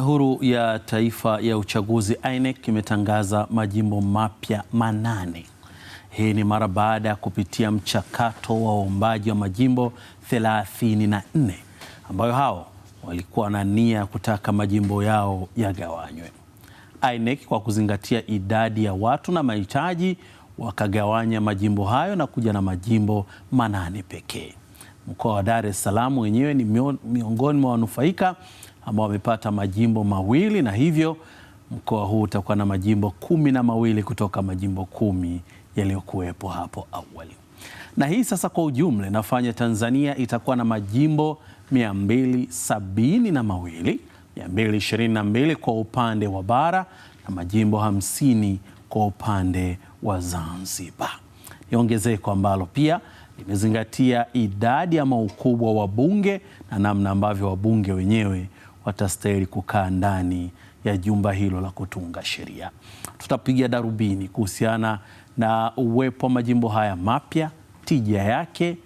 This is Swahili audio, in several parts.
Tume Huru ya Taifa ya Uchaguzi INEC imetangaza majimbo mapya manane. Hii ni mara baada ya kupitia mchakato wa uombaji wa majimbo 34 ambayo hao walikuwa na nia ya kutaka majimbo yao yagawanywe. INEC kwa kuzingatia idadi ya watu na mahitaji, wakagawanya majimbo hayo na kuja na majimbo manane pekee. Mkoa wa Dar es Salaam wenyewe ni miongoni mwa wanufaika ambao wamepata majimbo mawili, na hivyo mkoa huu utakuwa na majimbo kumi na mawili kutoka majimbo kumi yaliyokuwepo hapo awali. Na hii sasa kwa ujumla inafanya Tanzania itakuwa na majimbo mia mbili sabini na mawili, mia mbili ishirini na mbili kwa upande wa bara na majimbo hamsini kwa upande wa Zanzibar. Ni ongezeko ambalo pia limezingatia idadi ama ukubwa wa bunge na namna ambavyo wabunge wenyewe watastahili kukaa ndani ya jumba hilo la kutunga sheria. Tutapiga darubini kuhusiana na uwepo wa majimbo haya mapya, tija yake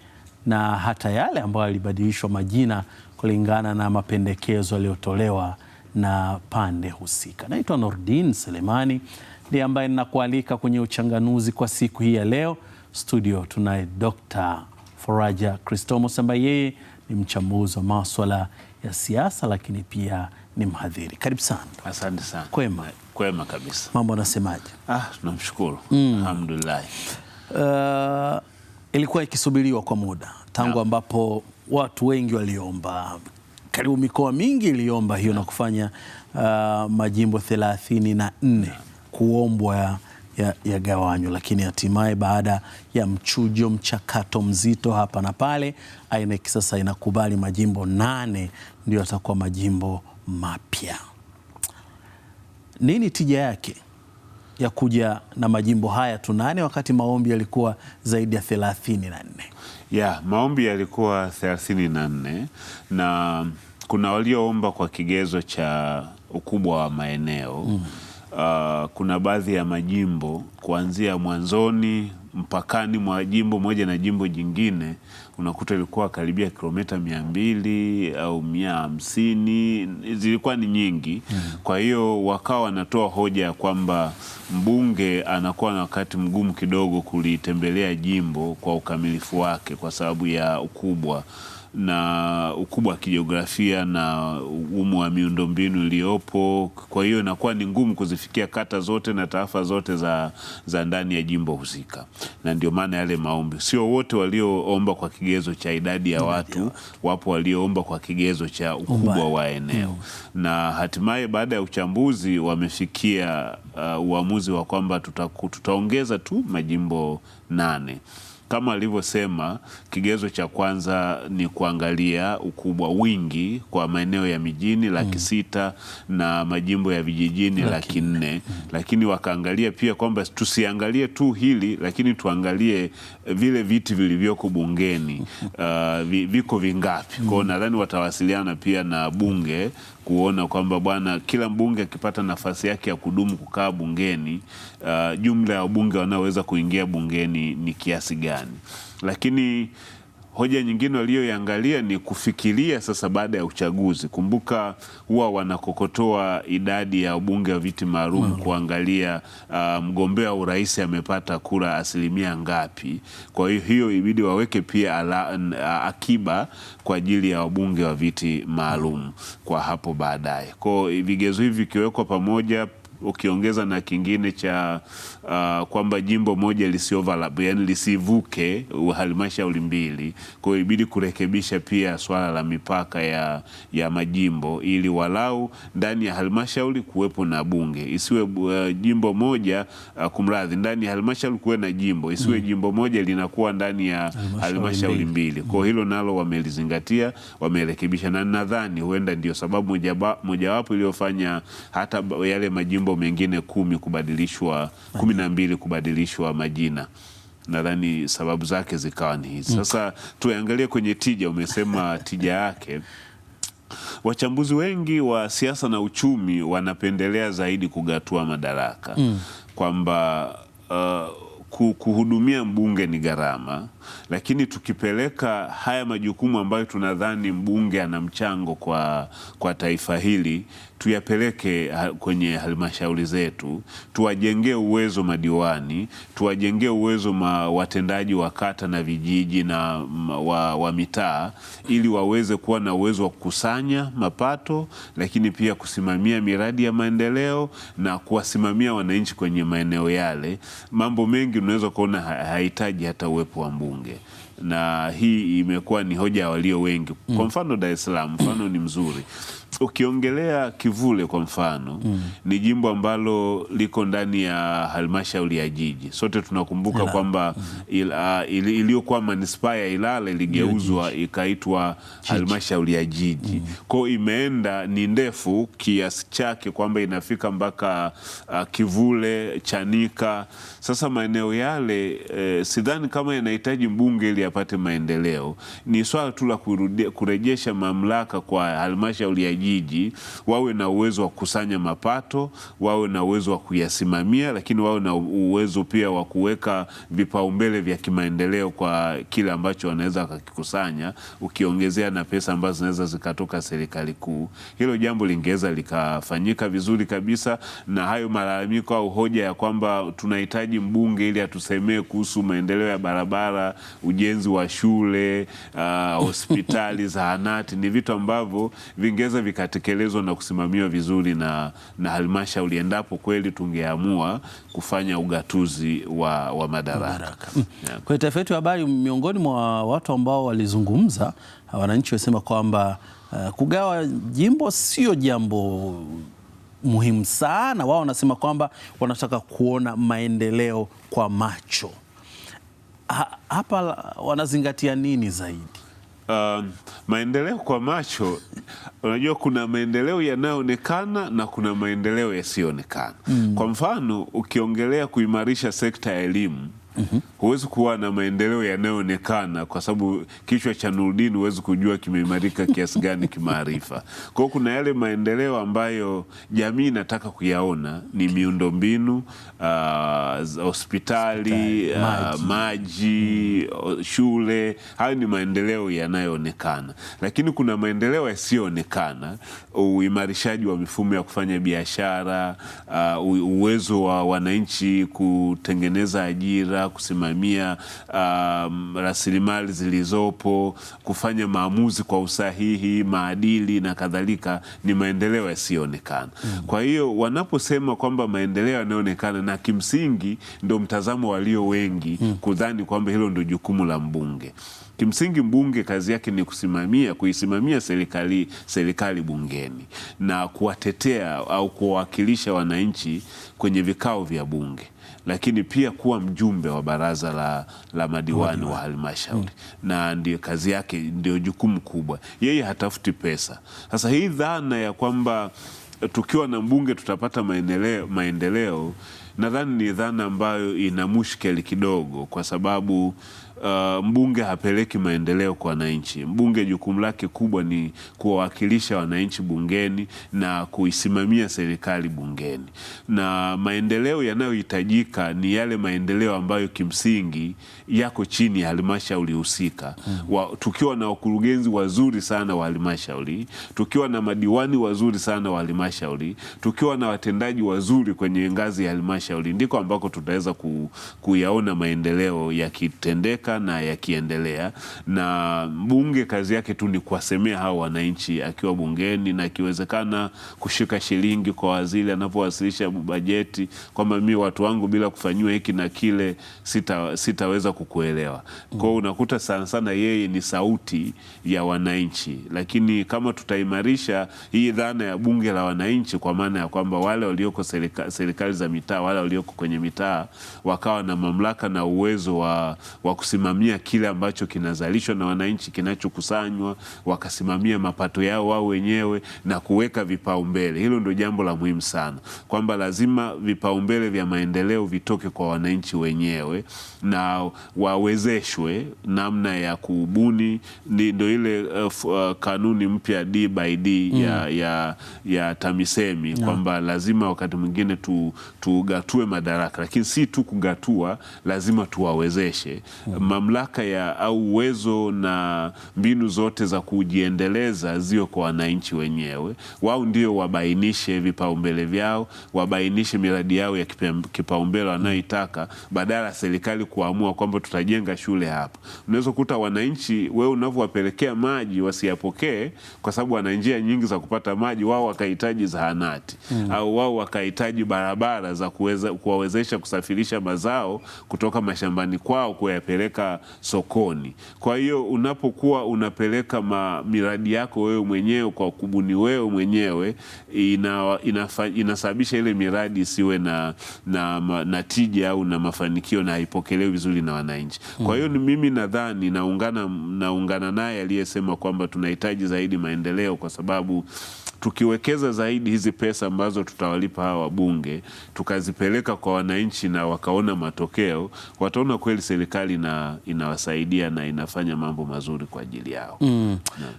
na hata yale ambayo yalibadilishwa majina kulingana na mapendekezo yaliyotolewa na pande husika. Naitwa Nordin Selemani ndiye ambaye ninakualika kwenye Uchanganuzi kwa siku hii ya leo. Studio tunaye Dr. Foraja Kristomos ambaye yeye ni mchambuzi wa maswala ya siasa, lakini pia ni mhadhiri. Karibu sana. Asante sana. Kwema? Kwema kabisa. Mambo anasemaje? Ah, tunamshukuru mm. Alhamdulillah. Uh, ilikuwa ikisubiriwa kwa muda tangu yeah. ambapo watu wengi waliomba karibu mikoa mingi iliomba hiyo yeah. na kufanya uh, majimbo thelathini na nne yeah. kuombwa ya ya, lakini hatimaye baada ya mchujo, mchakato mzito hapa na pale, INEC sasa inakubali majimbo nane ndio yatakuwa majimbo mapya. Nini tija yake ya kuja na majimbo haya tu nane wakati maombi yalikuwa zaidi ya 34? Yeah, maombi yalikuwa 34 na kuna walioomba kwa kigezo cha ukubwa wa maeneo mm uh, kuna baadhi ya majimbo kuanzia mwanzoni mpakani mwa jimbo moja na jimbo jingine unakuta ilikuwa karibia kilomita mia mbili au mia hamsini zilikuwa ni nyingi. Hmm. Kwa hiyo wakawa wanatoa hoja ya kwamba mbunge anakuwa na wakati mgumu kidogo kulitembelea jimbo kwa ukamilifu wake kwa sababu ya ukubwa na ukubwa wa kijiografia na ugumu wa miundombinu iliyopo. Kwa hiyo inakuwa ni ngumu kuzifikia kata zote na tarafa zote za, za ndani ya jimbo husika, na ndio maana yale maombi, sio wote walioomba kwa kigezo cha idadi ya watu, wapo walioomba kwa kigezo cha ukubwa wa eneo, mm. na hatimaye baada ya uchambuzi wamefikia uh, uamuzi wa kwamba tuta, tutaongeza tu majimbo nane kama alivyosema, kigezo cha kwanza ni kuangalia ukubwa, wingi kwa maeneo ya mijini laki mm. sita na majimbo ya vijijini laki nne mm. lakini wakaangalia pia kwamba tusiangalie tu hili, lakini tuangalie vile viti vilivyoko bungeni mm. uh, viko vingapi kwao. Mm. Nadhani watawasiliana pia na bunge kuona kwamba bwana, kila mbunge akipata nafasi yake ya kudumu kukaa bungeni, uh, jumla ya wabunge wanaoweza kuingia bungeni ni kiasi gani, lakini Hoja nyingine waliyoiangalia ni kufikiria sasa baada ya uchaguzi. Kumbuka huwa wanakokotoa idadi ya wabunge wa viti maalum mm. kuangalia uh, mgombea wa urais amepata kura asilimia ngapi. Kwa hiyo hiyo ibidi waweke pia ala, uh, akiba kwa ajili ya wabunge wa viti maalum kwa hapo baadaye. Kwa hiyo vigezo hivi vikiwekwa pamoja ukiongeza na kingine cha uh, kwamba jimbo moja lisi overlap, yani lisivuke halmashauri mbili. Kwa hiyo ibidi kurekebisha pia swala la mipaka ya, ya majimbo ili walau ndani ya halmashauri kuwepo na bunge, isiwe uh, jimbo moja uh, kumradhi, ndani ya halmashauri kuwe na jimbo, isiwe mm. jimbo moja linakuwa ndani ya halmashauri mbili. Kwa hilo nalo wamelizingatia, wamerekebisha, na nadhani huenda ndio sababu mojawapo iliyofanya hata yale majimbo mambo mengine kumi kubadilishwa kumi na mbili kubadilishwa majina nadhani sababu zake zikawa ni hizi. Mm. Sasa tuangalie kwenye tija, umesema tija yake wachambuzi wengi wa siasa na uchumi wanapendelea zaidi kugatua madaraka mm. kwamba uh, kuhudumia mbunge ni gharama lakini tukipeleka haya majukumu ambayo tunadhani mbunge ana mchango kwa, kwa taifa hili tuyapeleke kwenye halmashauri zetu, tuwajengee uwezo madiwani, tuwajengee uwezo ma watendaji wa kata na vijiji na wa, wa mitaa, ili waweze kuwa na uwezo wa kukusanya mapato, lakini pia kusimamia miradi ya maendeleo na kuwasimamia wananchi kwenye maeneo yale. Mambo mengi unaweza kuona hahitaji hata uwepo wa mbunge. होंगे na hii imekuwa ni hoja ya walio wengi mm. Kwa mfano Dar es Salaam mfano ni mzuri, ukiongelea Kivule kwa mfano mm. ni jimbo ambalo liko ndani ya halmashauri ya jiji. Sote tunakumbuka kwamba mm. iliyokuwa mm. ili, ili, manispaa ya Ilala iligeuzwa ikaitwa halmashauri ya jiji mm. Kwao imeenda ni ndefu kiasi chake kwamba inafika mpaka uh, Kivule, Chanika. Sasa maeneo yale eh, sidhani kama yanahitaji mbunge ili yapate maendeleo. Ni swala tu la kurejesha mamlaka kwa halmashauri ya jiji, wawe na uwezo wa kukusanya mapato, wawe na uwezo wa kuyasimamia, lakini wawe na uwezo pia wa kuweka vipaumbele vya kimaendeleo kwa kile ambacho wanaweza wakakikusanya, ukiongezea na pesa ambazo zinaweza zikatoka serikali kuu. Hilo jambo lingeweza likafanyika vizuri kabisa, na hayo malalamiko au hoja ya kwamba tunahitaji mbunge ili atusemee kuhusu maendeleo ya barabara, ujenzi ujenzi wa shule uh, hospitali, zahanati ni vitu ambavyo vingeweza vikatekelezwa na kusimamiwa vizuri na, na halmashauri endapo kweli tungeamua kufanya ugatuzi wa, wa madaraka yeah. Kwenye taarifa yetu ya habari, miongoni mwa watu ambao walizungumza wananchi wasema kwamba uh, kugawa jimbo sio jambo muhimu sana. Wao wanasema kwamba wanataka kuona maendeleo kwa macho ha, hapa wanazingatia nini zaidi? Uh, maendeleo kwa macho unajua, kuna maendeleo yanayoonekana na kuna maendeleo yasiyoonekana mm. Kwa mfano ukiongelea kuimarisha sekta ya elimu mm -hmm. Huwezi kuwa na maendeleo yanayoonekana kwa sababu kichwa cha Nurdin huwezi kujua kimeimarika kiasi gani kimaarifa. Kwa hiyo kuna yale maendeleo ambayo jamii inataka kuyaona ni miundombinu, uh, hospitali, uh, maji, maji mm. shule. Hayo ni maendeleo yanayoonekana, lakini kuna maendeleo yasiyoonekana, uimarishaji wa mifumo ya kufanya biashara, uh, uwezo wa wananchi kutengeneza ajira kusimamia um, rasilimali zilizopo, kufanya maamuzi kwa usahihi, maadili na kadhalika, ni maendeleo yasiyoonekana. Mm. Kwa hiyo wanaposema kwamba maendeleo yanayoonekana, na kimsingi ndo mtazamo walio wengi mm. kudhani kwamba hilo ndo jukumu la mbunge. Kimsingi mbunge kazi yake ni kusimamia kuisimamia serikali serikali bungeni na kuwatetea au kuwawakilisha wananchi kwenye vikao vya bunge lakini pia kuwa mjumbe wa baraza la, la madiwani wa halmashauri mm. na ndio kazi yake, ndio jukumu kubwa. Yeye hatafuti pesa. Sasa hii dhana ya kwamba tukiwa na mbunge tutapata maendeleo, maendeleo nadhani ni dhana ambayo ina mushkeli kidogo kwa sababu uh, mbunge hapeleki maendeleo kwa wananchi. Mbunge jukumu lake kubwa ni kuwawakilisha wananchi bungeni na kuisimamia serikali bungeni, na maendeleo yanayohitajika ni yale maendeleo ambayo kimsingi yako chini ya halmashauri husika. Hmm. Tukiwa na wakurugenzi wazuri sana wa halmashauri, tukiwa na madiwani wazuri sana wa halmashauri, tukiwa na watendaji wazuri kwenye ngazi ya halmashauri, ndiko ambako tutaweza ku, kuyaona maendeleo yakitendeka yanafanyika na yakiendelea, na bunge kazi yake tu ni kuwasemea hao wananchi akiwa bungeni, na akiwezekana kushika shilingi kwa waziri anapowasilisha bajeti kwamba mimi watu wangu bila kufanyiwa hiki na kile sita, sitaweza kukuelewa. Kwao unakuta sana sana yeye ni sauti ya wananchi, lakini kama tutaimarisha hii dhana ya bunge la wananchi, kwa maana ya kwamba wale walioko serikali, serikali za mitaa wale walioko kwenye mitaa wakawa na mamlaka na uwezo wa, wa kusimamia kusimamia kile ambacho kinazalishwa na wananchi, kinachokusanywa, wakasimamia mapato yao wao wenyewe na kuweka vipaumbele. Hilo ndio jambo la muhimu sana, kwamba lazima vipaumbele vya maendeleo vitoke kwa wananchi wenyewe na wawezeshwe namna ya kubuni. Ndio ile uh, kanuni mpya D by D mm. ya, ya, ya TAMISEMI no. kwamba lazima wakati mwingine tu, tugatue madaraka, lakini si tu kugatua, lazima tuwawezeshe mm mamlaka ya au uwezo na mbinu zote za kujiendeleza zio kwa wananchi wenyewe. Wao ndio wabainishe vipaumbele vyao, wabainishe miradi yao ya kipaumbele wanayoitaka, badala ya serikali kuamua kwamba tutajenga shule hapa. Unaweza kuta wananchi, wewe unavyowapelekea maji wasiyapokee, kwa sababu wana njia nyingi za kupata maji. Wao wakahitaji zahanati mm, au wao wakahitaji barabara za kuweza kuwawezesha kusafirisha mazao kutoka mashambani kwao kuyapeleka kupeleka sokoni. Kwa hiyo unapokuwa unapeleka ma miradi yako wewe mwenyewe kwa kubuni wewe mwenyewe ina, inafa, inasababisha ile miradi isiwe na, na, na, na tija au na mafanikio na haipokelewi vizuri na wananchi. Kwa hiyo mm. mimi nadhani naungana naye aliyesema kwamba tunahitaji zaidi maendeleo kwa sababu tukiwekeza zaidi hizi pesa ambazo tutawalipa hawa wabunge tukazipeleka kwa wananchi na wakaona matokeo, wataona kweli serikali na inawasaidia na inafanya mambo mazuri kwa ajili yao. Mm.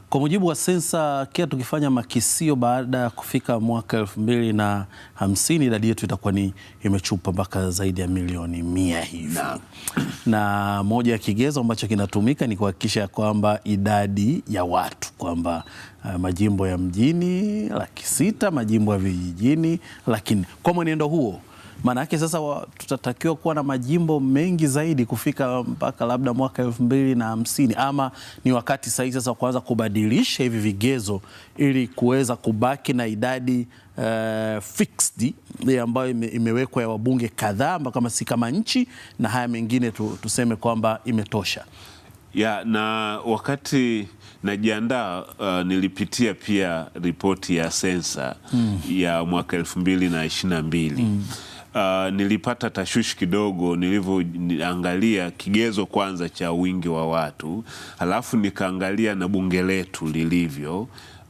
Kwa mujibu wa sensa, kila tukifanya makisio baada ya kufika mwaka elfu mbili na hamsini idadi yetu itakuwa ni imechupa mpaka zaidi ya milioni mia hivi na, na moja ya kigezo ambacho kinatumika ni kuhakikisha kwamba idadi ya watu kwamba uh, majimbo ya mjini laki sita, majimbo ya vijijini lakini Kwa mwenendo huo maana yake sasa wa, tutatakiwa kuwa na majimbo mengi zaidi kufika mpaka labda mwaka elfu mbili na hamsini ama ni wakati sahihi sasa kuanza kubadilisha hivi vigezo ili kuweza kubaki na idadi uh, fixed ambayo ime, imewekwa ya wabunge kadhaa kama si kama nchi na haya mengine tu, tuseme kwamba imetosha ya na wakati najiandaa uh, nilipitia pia ripoti ya sensa mm. ya mwaka elfu mbili na ishirini na mbili mm. uh, nilipata tashwishi kidogo nilivyoangalia kigezo kwanza cha wingi wa watu, halafu nikaangalia na bunge letu lilivyo.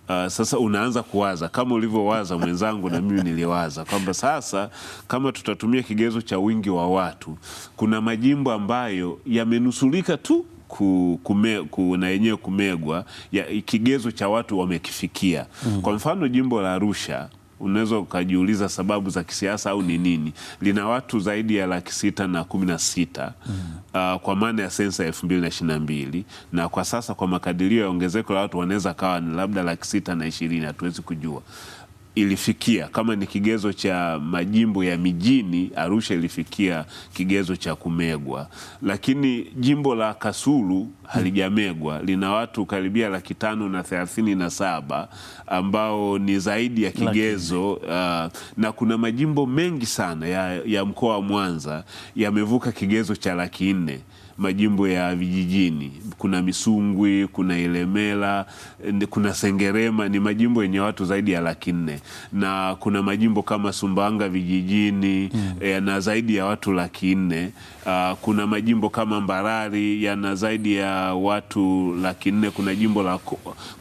Uh, sasa unaanza kuwaza kama ulivyowaza mwenzangu na mimi niliwaza kwamba sasa kama tutatumia kigezo cha wingi wa watu, kuna majimbo ambayo yamenusulika tu ku, kume, ku, na yenyewe kumegwa ya, kigezo cha watu wamekifikia mm. Kwa mfano jimbo la Arusha unaweza ukajiuliza sababu za kisiasa au ni nini, lina watu zaidi ya laki sita na kumi na sita mm. Uh, kwa maana ya sensa elfu mbili na ishirini na mbili na kwa sasa kwa makadirio ya ongezeko la watu wanaweza kawa ni labda laki sita na ishirini, hatuwezi kujua ilifikia kama ni kigezo cha majimbo ya mijini, Arusha ilifikia kigezo cha kumegwa, lakini jimbo la Kasulu halijamegwa, lina watu karibia laki tano na thelathini na saba ambao ni zaidi ya kigezo uh, na kuna majimbo mengi sana ya, ya mkoa wa Mwanza yamevuka kigezo cha laki nne majimbo ya vijijini, kuna Misungwi, kuna Ilemela, kuna Sengerema, ni majimbo yenye watu zaidi ya laki nne na kuna majimbo kama Sumbawanga vijijini mm. e, na zaidi ya watu laki nne Uh, kuna majimbo kama Mbarali yana zaidi ya watu laki nne. Kuna jimbo la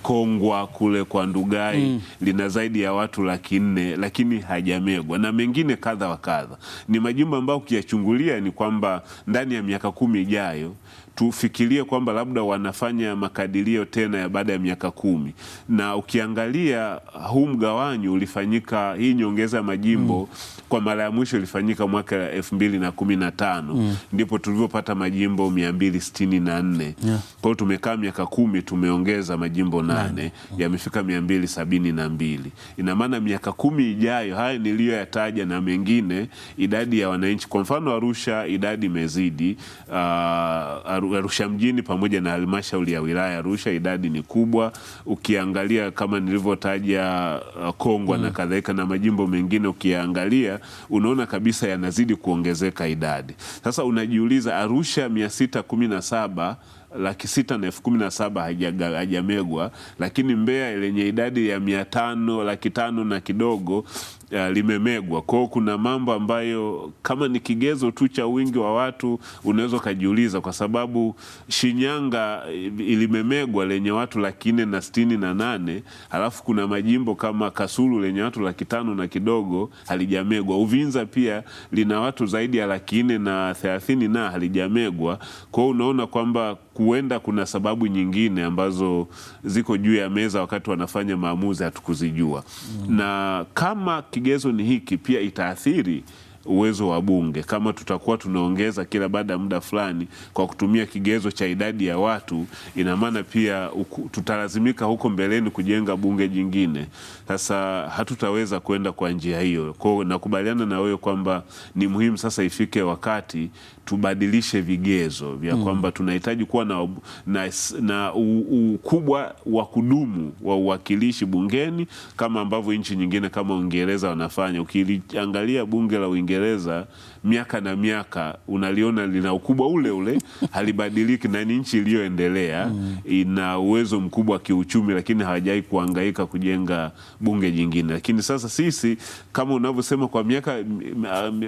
Kongwa kule kwa Ndugai mm. lina zaidi ya watu laki nne, lakini hajamegwa na mengine kadha wa kadha. Ni majimbo ambayo ukiyachungulia ni kwamba ndani ya miaka kumi ijayo tufikirie kwamba labda wanafanya makadirio tena ya baada ya miaka kumi, na ukiangalia huu mgawanyo ulifanyika, hii nyongeza ya majimbo mm. kwa mara ya mwisho ilifanyika mwaka elfu mbili na kumi na tano mm mm. ndipo tulivyopata majimbo mia mbili sitini na nne yeah. Kwa hiyo tumekaa miaka kumi tumeongeza majimbo nane mm. yamefika mia mbili sabini na mbili ina maana miaka kumi ijayo haya niliyoyataja na mengine, idadi ya wananchi kwa mfano Arusha idadi imezidi. Uh, Arusha mjini pamoja na halmashauri ya wilaya Arusha idadi ni kubwa, ukiangalia kama nilivyotaja uh, Kongwa mm. na kadhalika na majimbo mengine ukiangalia unaona kabisa yanazidi kuongezeka idadi sasa sasa unajiuliza Arusha mia sita kumi na saba laki sita na elfu kumi na saba hajamegwa, lakini Mbeya lenye idadi ya mia tano laki tano na kidogo uh, limemegwa. Kwa hiyo kuna mambo ambayo kama ni kigezo tu cha wingi wa watu unaweza ukajiuliza, kwa sababu Shinyanga ilimemegwa eh, lenye watu laki nne na sitini na nane halafu kuna majimbo kama Kasulu lenye watu laki tano na kidogo halijamegwa. Uvinza pia lina watu zaidi ya laki nne na thelathini na halijamegwa. Kwa hiyo unaona kwamba kuenda kuna sababu nyingine ambazo ziko juu ya meza wakati wanafanya maamuzi hatukuzijua. Mm. Na kama kigezo ni hiki pia itaathiri uwezo wa Bunge kama tutakuwa tunaongeza kila baada ya muda fulani kwa kutumia kigezo cha idadi ya watu, ina maana pia uku, tutalazimika huko mbeleni kujenga bunge jingine. Sasa hatutaweza kwenda kwa njia hiyo. Kwa hiyo nakubaliana na wewe kwamba ni muhimu sasa ifike wakati tubadilishe vigezo vya mm. kwamba tunahitaji kuwa na, na, na ukubwa wa kudumu wa uwakilishi bungeni kama ambavyo nchi nyingine kama Uingereza wanafanya. Ukiliangalia bunge la Uingereza Uingereza miaka na miaka unaliona lina ukubwa ule ule halibadiliki, na ni nchi iliyoendelea mm. ina uwezo mkubwa kiuchumi, lakini hawajai kuangaika kujenga bunge jingine. Lakini sasa sisi kama unavyosema, kwa miaka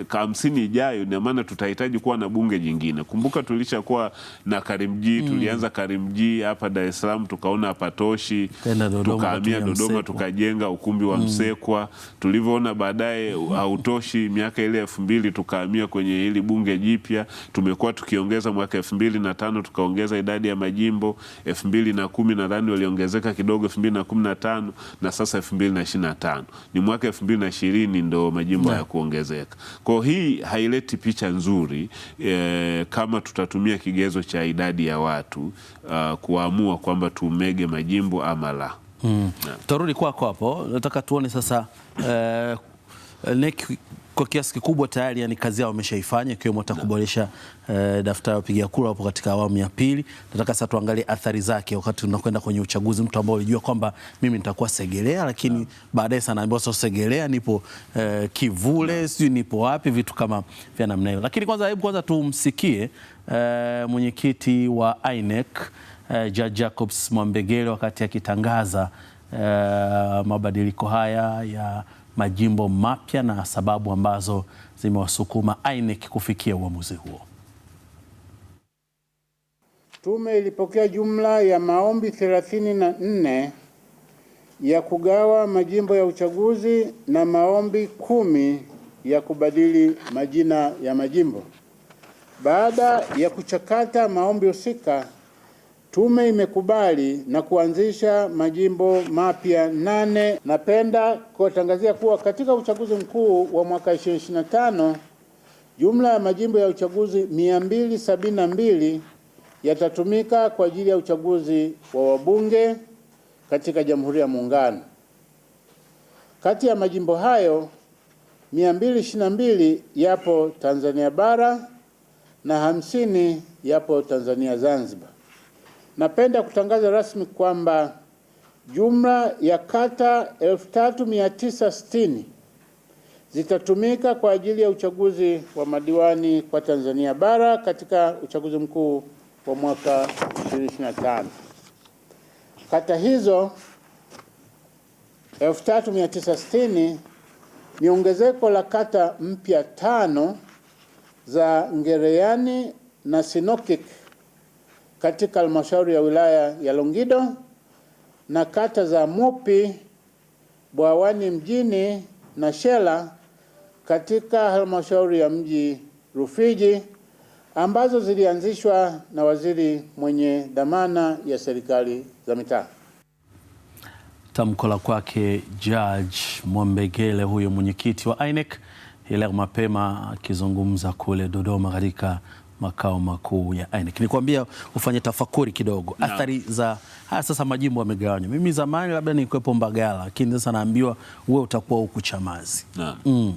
hamsini ijayo, ina maana tutahitaji kuwa na bunge jingine. Kumbuka tulishakuwa na Karimjee mm. tulianza Karimjee hapa Dar es Salaam, tukaona hapatoshi, tukahamia Dodoma, tukajenga ukumbi wa mm. Msekwa tulivyoona baadaye hautoshi miaka ile ile elfu mbili tukahamia kwenye hili bunge jipya. Tumekuwa tukiongeza mwaka elfu mbili na tano tukaongeza idadi ya majimbo, elfu mbili na kumi nadhani waliongezeka kidogo elfu mbili na kumi na tano na sasa elfu mbili na ishirini na tano ni mwaka elfu mbili na ishirini ndo majimbo ya kuongezeka. Kwa hii haileti picha nzuri e, kama tutatumia kigezo cha idadi ya watu uh, kuamua kwamba tumege majimbo ama la. Hmm. Tutarudi kwako hapo, nataka tuone sasa uh, eh, NEC kwa kiasi kikubwa tayari yani kazi yao wameshaifanya ikiwemo hata kuboresha eh, daftari wapiga kura wapo katika awamu ya pili. Nataka sasa tuangalie athari zake wakati tunakwenda kwenye uchaguzi. Mtu ambaye alijua kwamba mimi nitakuwa Segerea, lakini baadaye sana ambaye sio Segerea, nipo eh, Kivule, sijui nipo wapi, vitu kama vya namna hiyo. Lakini kwanza, hebu kwanza tumsikie eh, mwenyekiti wa INEC eh, Jaji Jacobs Mwambegele wakati akitangaza eh, mabadiliko haya ya majimbo mapya na sababu ambazo zimewasukuma INEC kufikia uamuzi huo. Tume ilipokea jumla ya maombi 34 ya kugawa majimbo ya uchaguzi na maombi kumi ya kubadili majina ya majimbo. Baada ya kuchakata maombi husika, Tume imekubali na kuanzisha majimbo mapya nane. Napenda kuwatangazia kuwa katika uchaguzi mkuu wa mwaka 2025 jumla ya majimbo ya uchaguzi 272 yatatumika kwa ajili ya uchaguzi wa wabunge katika Jamhuri ya Muungano. Kati ya majimbo hayo 222 yapo Tanzania bara na hamsini yapo Tanzania Zanzibar. Napenda kutangaza rasmi kwamba jumla ya kata 3960 zitatumika kwa ajili ya uchaguzi wa madiwani kwa Tanzania bara katika uchaguzi mkuu wa mwaka 2025. Kata hizo 3960 ni ongezeko la kata mpya tano za Ngereyani na Sinokik katika halmashauri ya wilaya ya Longido na kata za Mupi, Bwawani mjini na Shela katika halmashauri ya mji Rufiji ambazo zilianzishwa na waziri mwenye dhamana ya serikali za mitaa. Tamko la kwake Judge Mwambegele, huyo mwenyekiti wa INEC, ile mapema akizungumza kule Dodoma katika makao makuu ya INEC. Nikwambia ufanye tafakuri kidogo no. athari za haya sasa, majimbo yamegawanywa. Mimi zamani labda nilikuwepo Mbagala, lakini sasa naambiwa wewe utakuwa huku Chamazi no. mm.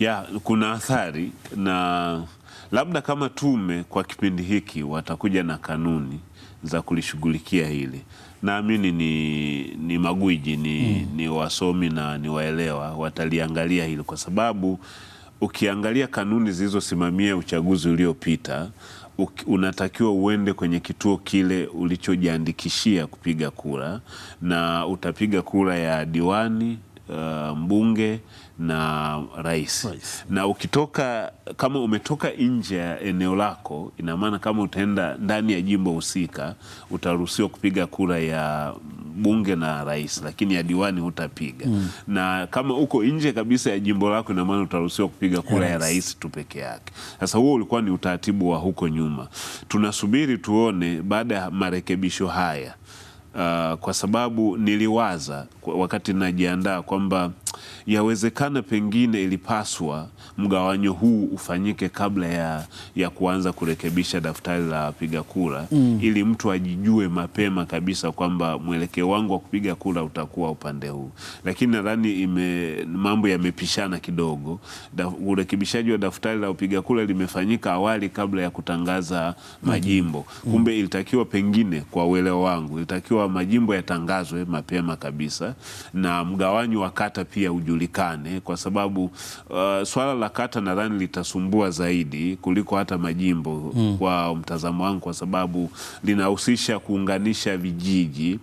ya kuna athari na labda kama tume kwa kipindi hiki watakuja na kanuni za kulishughulikia hili naamini ni, ni magwiji ni, mm. ni wasomi na ni waelewa wataliangalia hili kwa sababu ukiangalia kanuni zilizosimamia uchaguzi uliopita unatakiwa uende kwenye kituo kile ulichojiandikishia kupiga kura na utapiga kura ya diwani, uh, mbunge na rais, rais. Na ukitoka kama umetoka nje ya eneo lako, ina maana kama utaenda ndani ya jimbo husika utaruhusiwa kupiga kura ya bunge na rais, lakini ya diwani hutapiga mm. Na kama uko nje kabisa ya jimbo lako, ina maana utaruhusiwa kupiga kura yes. ya rais tu peke yake. Sasa huo ulikuwa ni utaratibu wa huko nyuma, tunasubiri tuone baada ya marekebisho haya uh, kwa sababu niliwaza wakati najiandaa kwamba yawezekana pengine ilipaswa mgawanyo huu ufanyike kabla ya, ya kuanza kurekebisha daftari la wapiga kura mm. ili mtu ajijue mapema kabisa kwamba mwelekeo wangu wa kupiga kura utakuwa upande huu, lakini nadhani mambo yamepishana kidogo. Urekebishaji wa daftari la wapiga kura limefanyika awali kabla ya kutangaza majimbo mm. mm. kumbe ilitakiwa pengine, kwa uelewa wangu, ilitakiwa majimbo yatangazwe mapema kabisa na mgawanyo wa kata pia ujulikane, kwa sababu uh, swala la la kata nadhani litasumbua zaidi kuliko hata majimbo mm. kwa mtazamo wangu, kwa sababu linahusisha kuunganisha vijiji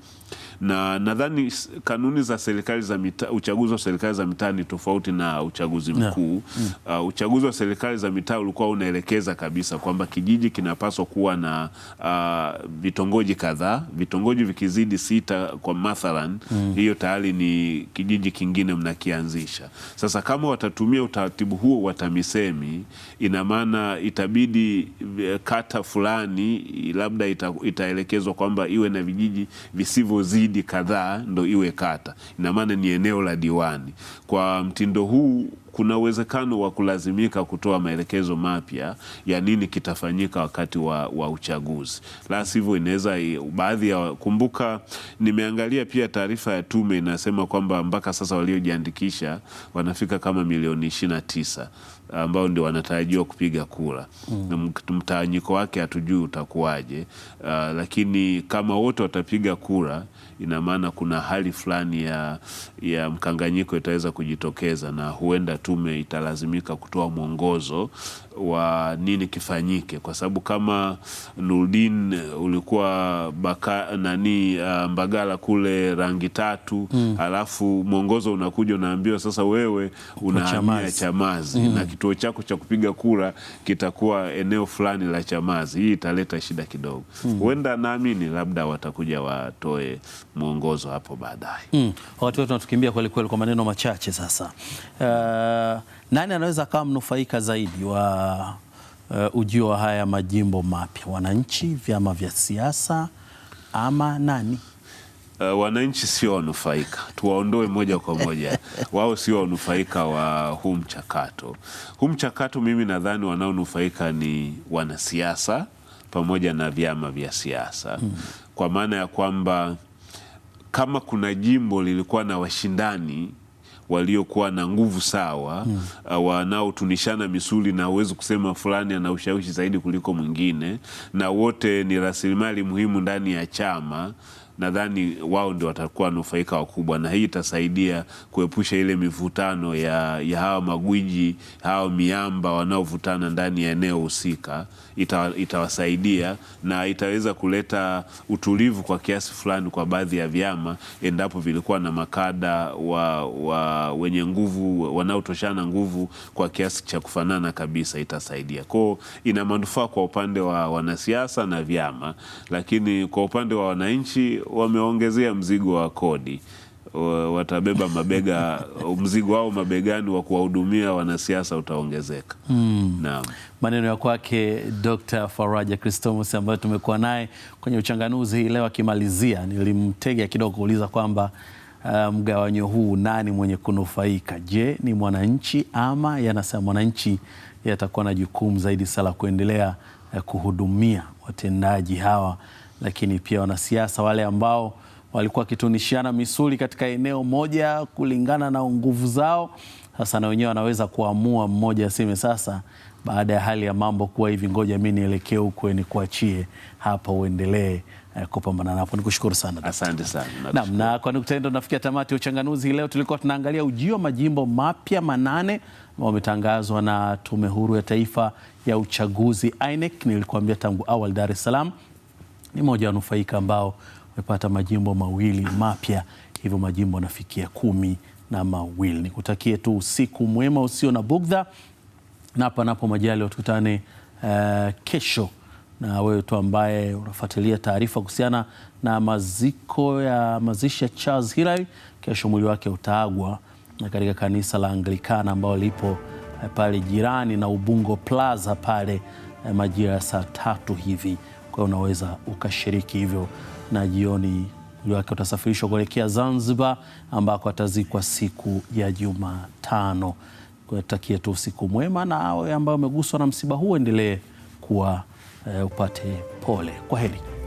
na nadhani kanuni za serikali za mita, uchaguzi wa serikali za mitaa ni tofauti na uchaguzi mkuu yeah. Mm. Uh, uchaguzi wa serikali za mitaa ulikuwa unaelekeza kabisa kwamba kijiji kinapaswa kuwa na uh, vitongoji kadhaa, vitongoji vikizidi sita kwa mathalan mm. hiyo tayari ni kijiji kingine mnakianzisha. Sasa kama watatumia utaratibu huo wa TAMISEMI, ina maana itabidi eh, kata fulani labda ita, itaelekezwa kwamba iwe na vijiji visivyo zaidi kadhaa ndo iwe kata, ina maana ni eneo la diwani. Kwa mtindo huu kuna uwezekano wa kulazimika kutoa maelekezo mapya ya nini kitafanyika wakati wa, wa uchaguzi. La sivyo inaweza baadhi ya, kumbuka, nimeangalia pia taarifa ya tume inasema kwamba mpaka sasa waliojiandikisha wanafika kama milioni ishirini na tisa ambao ndio wanatarajiwa kupiga kura mm. Mtawanyiko wake hatujui utakuwaje, uh, lakini kama wote watapiga kura, ina maana kuna hali fulani ya, ya mkanganyiko itaweza kujitokeza, na huenda tume italazimika kutoa mwongozo wa nini kifanyike, kwa sababu kama Nurdin eh, ulikuwa baka, nani uh, Mbagala kule rangi tatu mm. Alafu mwongozo unakuja unaambiwa sasa wewe unahamia Chamazi mm. na kituo chako cha kupiga kura kitakuwa eneo fulani la Chamazi. Hii italeta shida kidogo hmm. huenda mm. naamini labda watakuja watoe mwongozo hapo baadaye mm. Wakati wetu natukimbia kwelikweli, kwa maneno machache sasa uh, nani anaweza akawa mnufaika zaidi wa uh, ujio wa haya majimbo mapya? Wananchi, vyama vya siasa ama nani? Uh, wananchi sio wanufaika, tuwaondoe moja kwa moja wao sio wanufaika wa huu mchakato. Huu mchakato mimi nadhani wanaonufaika ni wanasiasa pamoja na vyama vya siasa hmm. Kwa maana ya kwamba kama kuna jimbo lilikuwa na washindani waliokuwa na nguvu sawa mm. uh, wanaotunishana misuli na uwezo kusema fulani ana ushawishi zaidi kuliko mwingine, na wote ni rasilimali muhimu ndani ya chama. Nadhani wao ndio watakuwa wanufaika wakubwa, na hii itasaidia kuepusha ile mivutano ya, ya hawa magwiji hawa miamba wanaovutana ndani ya eneo husika ita, itawasaidia na itaweza kuleta utulivu kwa kiasi fulani kwa baadhi ya vyama endapo vilikuwa na makada wa, wa wenye nguvu wanaotoshana nguvu kwa kiasi cha kufanana kabisa, itasaidia kwao. Ina manufaa kwa upande wa wanasiasa na vyama, lakini kwa upande wa wananchi wameongezea mzigo wa kodi watabeba mabega mzigo wao mabegani wa kuwahudumia wanasiasa utaongezeka. Mm. Naam. Maneno ya kwake Dr. Faraja Christomus ambayo tumekuwa naye kwenye uchanganuzi hii leo, akimalizia nilimtega kidogo kuuliza kwamba mgawanyo uh, mgawanyo huu nani mwenye kunufaika? Je, ni mwananchi ama yanasema mwananchi yatakuwa na jukumu zaidi sala kuendelea uh, kuhudumia watendaji hawa, lakini pia wanasiasa wale ambao walikuwa wakitunishiana misuli katika eneo moja kulingana na nguvu zao. Sasa na wenyewe wanaweza kuamua mmoja aseme sasa, baada ya hali ya mambo kuwa hivi, ngoja mi nielekee huko, nikuachie hapa uendelee eh, kupambana napo. Ni kushukuru sana, asante sana naam. Na kwa nukta ndo nafikia tamati ya uchanganuzi leo. Tulikuwa tunaangalia ujio majimbo mapya manane ambao wametangazwa na Tume Huru ya Taifa ya Uchaguzi INEC. Nilikuambia tangu awali, Dar es Salaam ni moja wanufaika ambao umepata majimbo mawili mapya, hivyo majimbo anafikia kumi na mawili. Nikutakie tu usiku mwema usio na bugdha, na panapo majali watukutane uh, eh, kesho. Na wewe tu ambaye unafuatilia taarifa kuhusiana na maziko ya mazishi ya Charles Hilary, kesho mwili wake utaagwa na katika kanisa la Anglikana ambalo lipo eh, pale jirani na Ubungo Plaza pale eh, majira ya saa tatu hivi kwa hiyo unaweza ukashiriki hivyo, na jioni mwili wake utasafirishwa kuelekea Zanzibar ambako atazikwa siku ya Jumatano. Takie tu usiku mwema, na awe ambayo umeguswa na msiba huu endelee kuwa e, upate pole. Kwa heri.